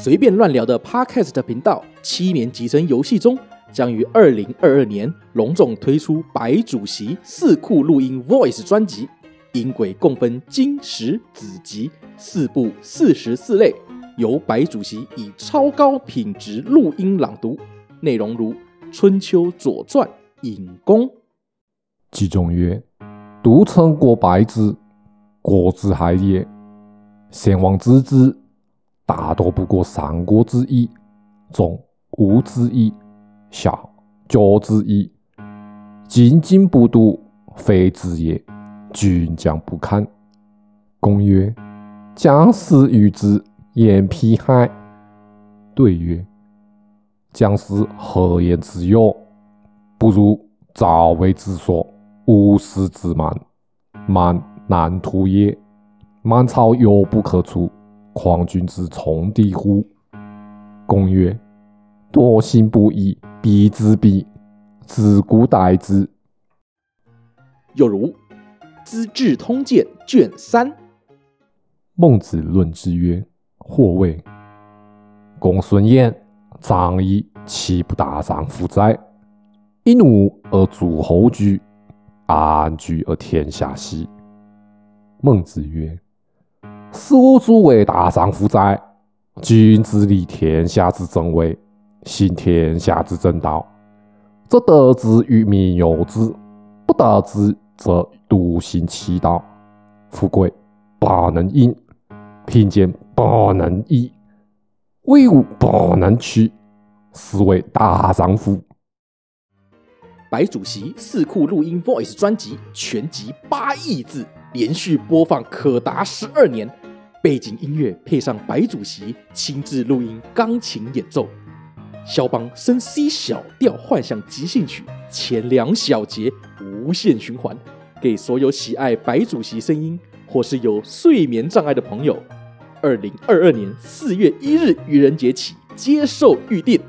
隨便亂聊的 Podcast 頻道，七年級生遊戲中，將於二零二二年隆重推出白主席四庫錄音 Voice 專輯，音軌共分經史子集四部四十四類，由白主席以超高品質錄音朗讀，內容如《春秋左傳》隱公，其中曰：“都城過百雉，國之害也。先王之制。”大都不過三國之一，中五之一，小九之一。今京不度，非制也。君將不堪。公曰：“姜氏欲之，焉辟害。”對曰：“姜氏何厭之有？不如早為之所，無使滋蔓，蔓難圖也。滿朝猶不可除。”況君之寵弟乎？公曰：“多行不義，必自斃。子姑待之。”有如《資治通鑑》卷三。孟子論之曰：“或謂公孫衍、張儀，豈不大丈夫哉？一怒而諸侯懼，安居而天下熄。”孟子曰。始吾主為大丈夫哉！君子立天下之正位，行天下之正道。則得之於民有之；不得之，則獨行其道。富貴不能淫，貧賤不能移，威武不能屈，是為大丈夫。白主席《四庫錄音 Voice 專輯》全集八億字，連續播放可達十二年。背景音樂配上白主席親自錄音鋼琴演奏，肖邦升 c 小調幻想即興曲，前兩小節無限循環，給所有喜愛白主席聲音或是有睡眠障礙的朋友。二零二二年四月一日愚人節起接受預訂。